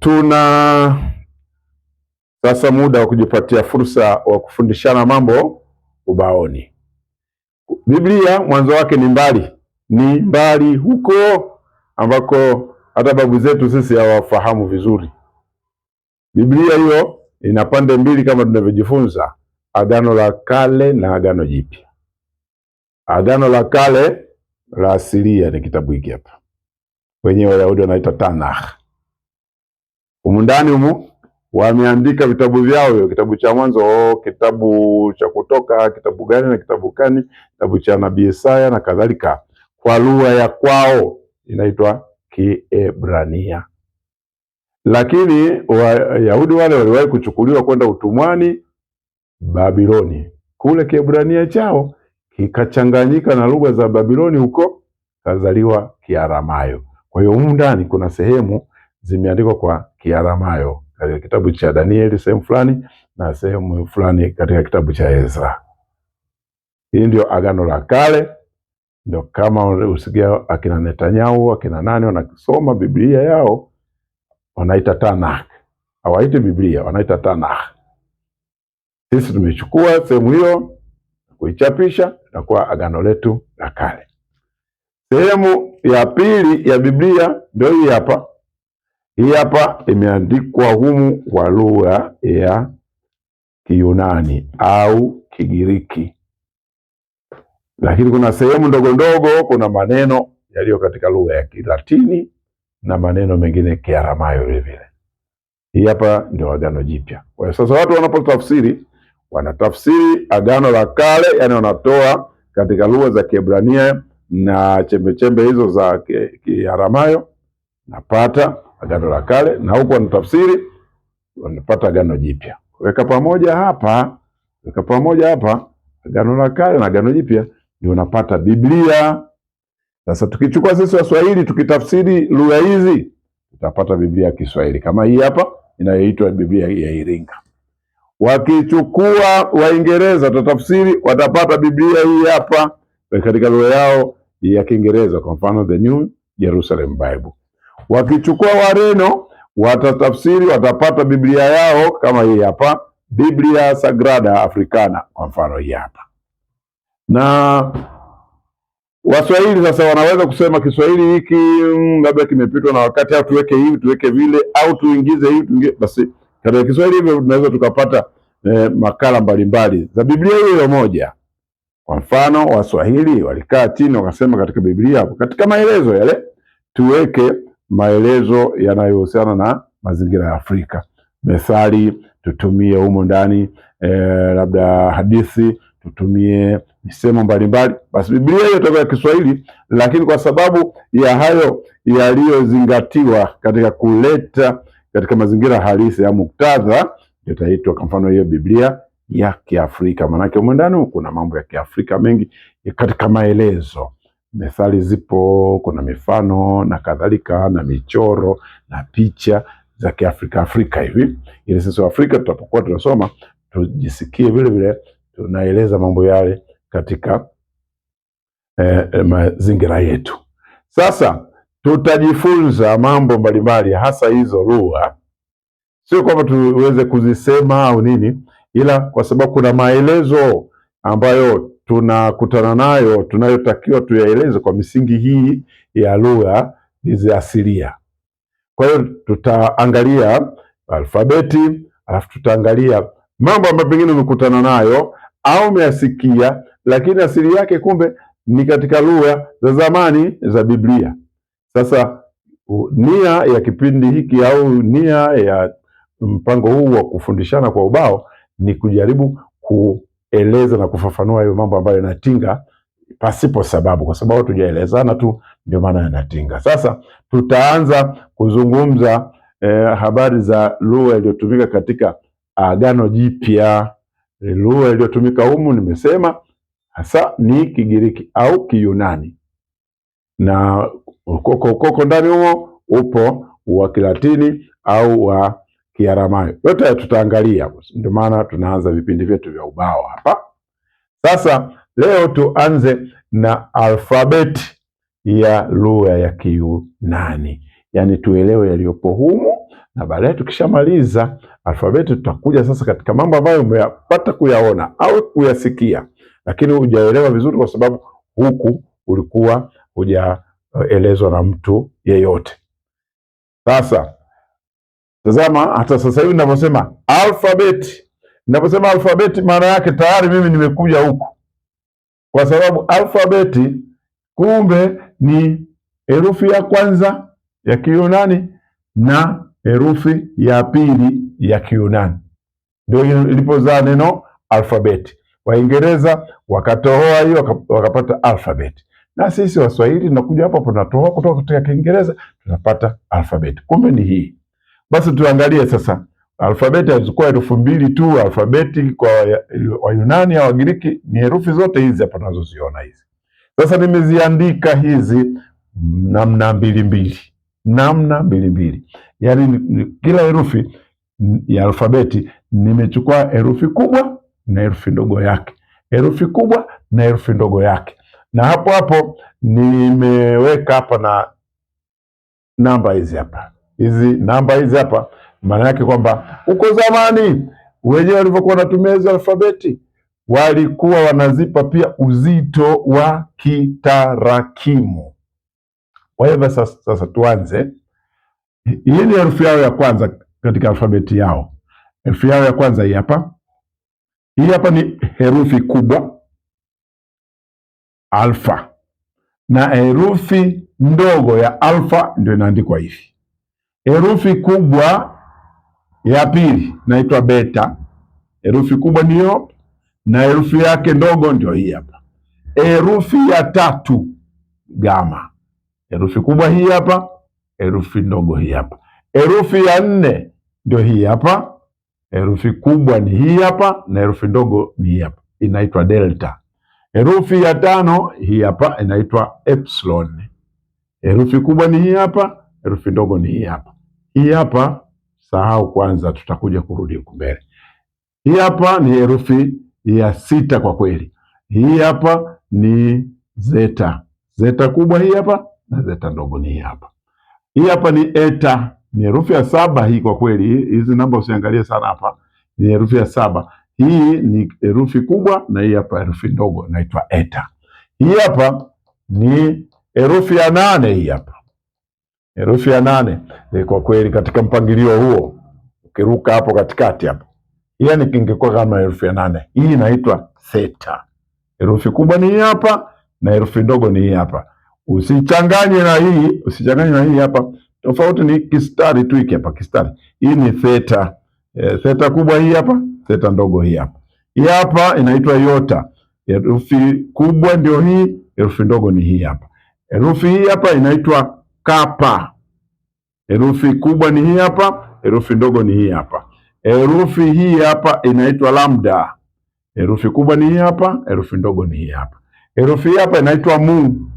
Tuna sasa muda wa kujipatia fursa wa kufundishana mambo ubaoni. Biblia mwanzo wake ni mbali, ni mbali huko ambako hata babu zetu sisi hawafahamu vizuri. Biblia hiyo ina pande mbili kama tunavyojifunza, Agano la Kale na Agano Jipya. Agano la Kale la asilia ni kitabu hiki hapa, wenyewe Wayahudi wanaita Tanakh Humu ndani humu wameandika vitabu vyao, hiyo kitabu cha Mwanzo, oh, kitabu cha Kutoka, kitabu gani na kitabu gani, kitabu cha nabii Isaya na kadhalika, kwa lugha ya kwao inaitwa Kiebrania. Lakini Wayahudi wale waliwahi kuchukuliwa kwenda utumwani Babiloni, kule Kiebrania chao kikachanganyika na lugha za Babiloni, huko kazaliwa Kiaramayo. Kwa hiyo humu ndani kuna sehemu zimeandikwa kwa Kiaramayo katika kitabu cha Danieli sehemu fulani na sehemu fulani katika kitabu cha Ezra. Hii ndio Agano la Kale. Ndio kama usikia akina Netanyahu akina nani wanasoma Biblia yao wanaita Tanakh, hawaiti Biblia, wanaita Tanakh. Sisi tumechukua sehemu hiyo kuichapisha na kuwa agano letu la kale. Sehemu ya pili ya Biblia ndio hii hapa hii hapa imeandikwa humu kwa lugha ya Kiyunani au Kigiriki, lakini kuna sehemu ndogo ndogo, kuna maneno yaliyo katika lugha ya Kilatini na maneno mengine Kiaramayo vile vile. Hii hapa ndio Agano Jipya. Kwa hiyo sasa watu wanapotafsiri wanatafsiri Agano la Kale, yani wanatoa katika lugha za Kiebrania na chembechembe hizo za Kiaramayo napata Agano la Kale na huku wanatafsiri wanapata Agano Jipya. Weka pamoja hapa, weka pamoja hapa Agano la Kale na Agano Jipya ndio unapata Biblia. Sasa tukichukua sisi Waswahili tukitafsiri lugha hizi tutapata Biblia ya Kiswahili kama hii hapa inayoitwa Biblia ya Iringa. Wakichukua Waingereza tutafsiri watapata Biblia hii hapa katika lugha yao ya Kiingereza, kwa mfano The New Jerusalem Bible. Wakichukua Wareno watatafsiri, watapata Biblia yao kama hii hapa, Biblia Sagrada Africana, kwa mfano hii hapa. Na Waswahili sasa wanaweza kusema Kiswahili hiki mm, labda kimepitwa na wakati, au tuweke hivi tuweke vile, au tuingize hivi tuingize. Basi katika Kiswahili hivyo tunaweza tukapata eh, makala mbalimbali za Biblia hiyo moja. Kwa mfano Waswahili walikaa chini wakasema, katika Biblia hapo, katika maelezo yale tuweke maelezo yanayohusiana na mazingira ya Afrika, methali tutumie humo ndani e, labda hadithi tutumie misemo mbalimbali. Basi Biblia hiyo itakuwa ya Kiswahili, lakini kwa sababu ya hayo yaliyozingatiwa katika kuleta katika mazingira halisi ya muktadha, itaitwa kwa mfano hiyo Biblia ya Kiafrika, maanake humo ndani kuna mambo ya Kiafrika mengi katika maelezo methali zipo, kuna mifano na kadhalika na michoro na picha za Kiafrika Afrika hivi, ili sisi Waafrika tutapokuwa tunasoma tujisikie vile vile tunaeleza mambo yale katika eh, eh, mazingira yetu. Sasa tutajifunza mambo mbalimbali, hasa hizo lugha, sio kwamba tuweze kuzisema au nini, ila kwa sababu kuna maelezo ambayo tunakutana nayo tunayotakiwa tuyaeleze kwa misingi hii ya lugha hizi asilia. Kwa hiyo tutaangalia alfabeti, alafu tutaangalia mambo ambayo pengine umekutana nayo au umeyasikia, lakini asili yake kumbe ni katika lugha za zamani za Biblia. Sasa nia ya kipindi hiki au nia ya mpango huu wa kufundishana kwa ubao ni kujaribu ku eleza na kufafanua hayo mambo ambayo yanatinga pasipo sababu, kwa sababu tujaelezana tu, ndio maana yanatinga. Sasa tutaanza kuzungumza eh, habari za lugha iliyotumika katika Agano Jipya. Lugha iliyotumika humu nimesema hasa ni Kigiriki au Kiyunani, na ukoko ukoko ndani humo upo wa Kilatini au wa Kiaramayo. Yote tutaangalia, ndio maana tunaanza vipindi vyetu vya ubao hapa. Sasa leo tuanze na alfabeti ya lugha ya Kiyunani, yaani tuelewe yaliyopo humu, na baadaye tukishamaliza alfabeti tutakuja sasa katika mambo ambayo umeyapata kuyaona au kuyasikia, lakini hujaelewa vizuri, kwa sababu huku ulikuwa hujaelezwa na mtu yeyote. Sasa Tazama hata sasa hivi ninaposema alfabeti, ninaposema alfabeti maana yake tayari mimi nimekuja huku, kwa sababu alfabeti kumbe ni herufi ya kwanza ya Kiyunani na herufi ya pili ya Kiyunani, ndio ilipozaa neno alfabeti. Waingereza wakatohoa hiyo wakapata alfabeti, na sisi Waswahili tunakuja hapa tunatoa kutoka katika Kiingereza tunapata alfabeti, kumbe ni hii. Basi tuangalie sasa alfabeti hazikuwa herufi mbili tu. Alfabeti kwa Wayunani au Wagiriki ni herufi zote hizi hapa tunazoziona hizi. Sasa nimeziandika hizi namna mbili mbili, namna mbili mbili, yaani kila herufi ya alfabeti nimechukua herufi kubwa na herufi ndogo yake, herufi kubwa na herufi ndogo yake, na hapo hapo nimeweka hapa na namba hizi hapa hizi namba hizi hapa, maana yake kwamba huko zamani wenyewe walivyokuwa wanatumia hizo alfabeti walikuwa wanazipa pia uzito wa kitarakimu. Kwa hivyo sasa, sasa tuanze. Hii ni herufi yao ya kwanza katika alfabeti yao. Herufi yao ya kwanza hii hapa, hii hapa ni herufi kubwa alfa, na herufi ndogo ya alfa ndio inaandikwa hivi. Herufi kubwa ya pili naitwa beta. Herufi kubwa ndiyo, na herufi yake ndogo ndio hii hapa. Herufi ya tatu gama. Herufi kubwa hii hapa, herufi ndogo hii hapa. Herufi ya nne ndio hii hapa. Herufi kubwa ni hii hapa, na herufi ndogo ni hii hapa, inaitwa delta. Herufi ya tano hii hapa, inaitwa epsilon. Herufi kubwa ni hii hapa, herufi ndogo ni hii hapa. Hii hapa sahau kwanza, tutakuja kurudi huku mbele. Hii hapa ni herufi ya sita kwa kweli. Hii hapa ni zeta, zeta kubwa hii hapa na zeta ndogo ni hii hapa. Hii hapa ni eta, ni herufi ya saba hii kwa kweli. Hizi namba usiangalie sana hapa, ni herufi ya saba. Hii ni herufi kubwa na hii hapa herufi ndogo inaitwa eta. Hii hapa ni herufi ya nane hii hapa Herufi ya nane e, kwa kweli katika mpangilio huo ukiruka hapo katikati hapo, yani kingekuwa kama herufi ya nane. Hii inaitwa theta. Herufi kubwa ni hii hapa na herufi ndogo ni hii hapa, usichanganye na hii, usichanganye na hii hapa. Tofauti ni kistari tu hiki hapa, kistari. Hii ni theta. E, theta kubwa hii hapa, theta ndogo hii hapa. Hii hapa inaitwa yota. Herufi kubwa ndio hii, herufi ndogo ni hii hapa. Herufi hii hapa inaitwa kapa. Herufi kubwa ni hii hapa, herufi ndogo ni hii hapa. Herufi hii hapa inaitwa lambda. Herufi kubwa ni hii hapa, herufi ndogo ni hii hapa. Herufi hii hapa inaitwa mu.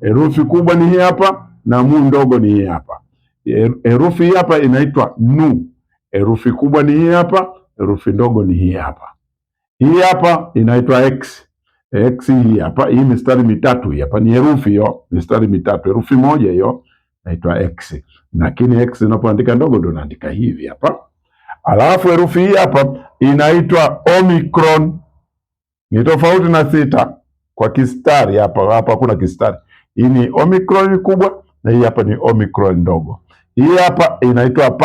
Herufi kubwa ni hii hapa na mu ndogo ni hii hapa. Herufi hii hapa inaitwa nu. Herufi kubwa ni hii hapa, herufi ndogo ni hii hapa. Hii hapa inaitwa x. X hii hapa, hii mistari mitatu hii hapa ni herufi hiyo, mistari mitatu, herufi moja hiyo naitwa X. Lakini X unapoandika ndogo ndio unaandika hivi hapa. Alafu herufi hii hapa inaitwa Omicron. Ni tofauti na sita kwa kistari hapa, hapa kuna kistari. Hii ni Omicron kubwa na hii hapa ni Omicron ndogo. Hii hapa inaitwa pi.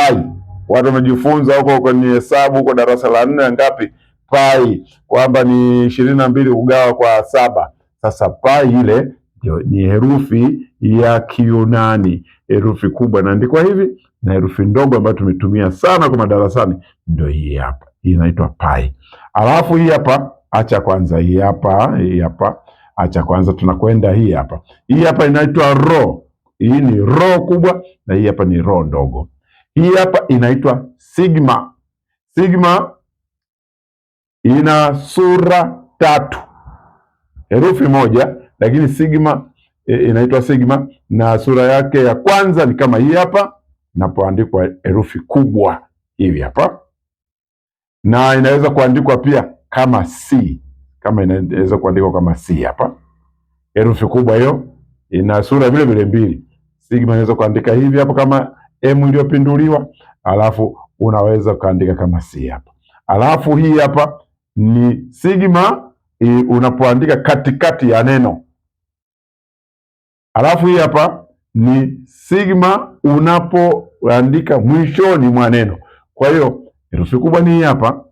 Watu wamejifunza huko kwenye hesabu huko darasa la nne ngapi pai kwamba ni ishirini na mbili kugawa kwa saba. Sasa pai ile ni herufi ya Kiunani, herufi kubwa inaandikwa hivi na herufi ndogo ambayo tumetumia sana kwa madarasani ndio hii hapa, hii inaitwa pai. Alafu hii hapa, acha kwanza hii hapa, hii hapa acha kwanza, tunakwenda hii hapa, hii hapa inaitwa ro. Hii ni ro kubwa na hii hapa ni ro ndogo. Hii hapa inaitwa sigma. Sigma ina sura tatu, herufi moja, lakini sigma e, inaitwa sigma, na sura yake ya kwanza ni kama hii hapa, inapoandikwa herufi kubwa hivi hapa, na inaweza kuandikwa pia kama C, kama inaweza kuandikwa kama C hapa. Herufi kubwa hiyo ina sura vile vile mbili. Sigma inaweza kuandika hivi hapo kama M iliyopinduliwa, alafu unaweza ukaandika kama C hapa, alafu hii hapa ni sigma e, unapoandika katikati ya neno. Alafu hii hapa ni sigma unapoandika mwishoni mwa neno. Kwa hiyo herufi kubwa ni hii hapa,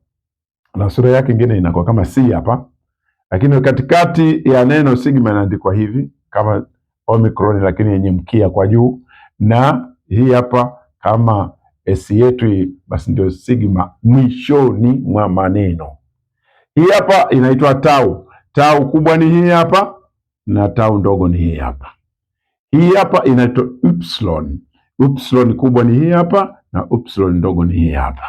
na sura yake ingine inakuwa kama si hapa, lakini katikati ya neno sigma inaandikwa hivi kama Omicron, lakini yenye mkia kwa juu, na hii hapa kama esi yetu, basi ndio sigma mwishoni mwa maneno. Hii hapa inaitwa tau. Tau kubwa ni hii hapa na tau ndogo ni hii hapa. Hii hapa inaitwa upsilon. Upsilon kubwa ni hii hapa na upsilon ndogo ni hii hapa.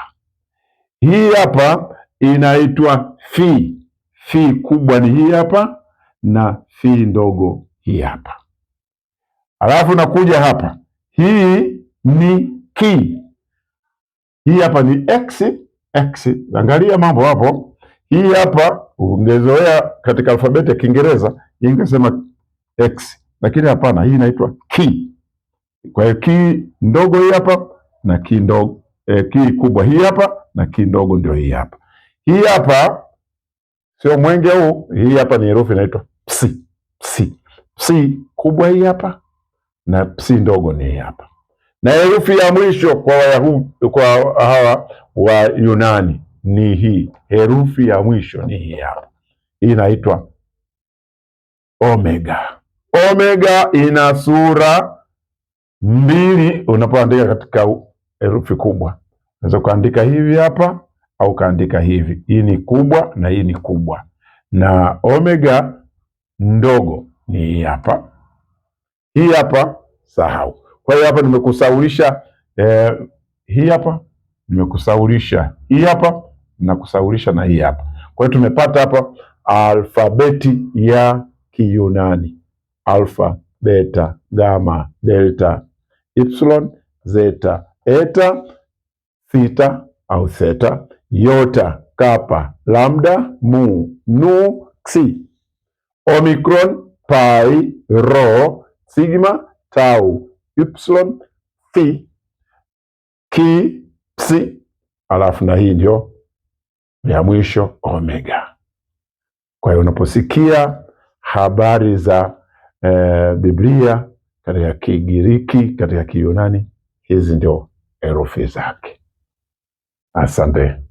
Hii hapa inaitwa phi. Phi kubwa ni hii hapa na phi ndogo hii hapa. Alafu nakuja hapa, hii ni ki. Hii hapa ni x x, angalia mambo hapo hii hapa ungezoea katika alfabeti ya Kiingereza ingesema X, lakini hapana, hii inaitwa key. Kwa hiyo key ndogo hii hapa na key ndogo eh, key kubwa hii hapa na key ndogo ndio hii hapa. Hii hapa sio mwenge huu, hii hapa ni herufi inaitwa psi. Psi. Psi kubwa hii hapa na psi ndogo ni hii hapa. Na herufi ya mwisho kwa Wayahudi, kwa hawa wa Yunani ni hii, herufi ya mwisho ni hii hapa. Hii inaitwa omega. Omega ina sura mbili unapoandika katika herufi kubwa, unaweza kuandika hivi hapa au kaandika hivi. Hii ni kubwa na hii ni kubwa, na omega ndogo ni hii hapa, hii hapa sahau. Kwa hiyo hapa nimekusaulisha eh, hii hapa nimekusaulisha hii hapa nakusaulisha na hii hapa. Kwa hiyo tumepata hapa alfabeti ya Kiyunani: alfa, beta, gama, delta, epsilon, zeta, eta, theta au theta, yota, kapa, lambda, mu, nu, xi, omicron, pai, rho, sigma, tau, ypsilon, phi, ki, psi, alafu na hii ndio ya mwisho omega. Kwa hiyo unaposikia habari za e, Biblia katika Kigiriki, katika Kiyunani, hizi ndio herufi zake. Asante.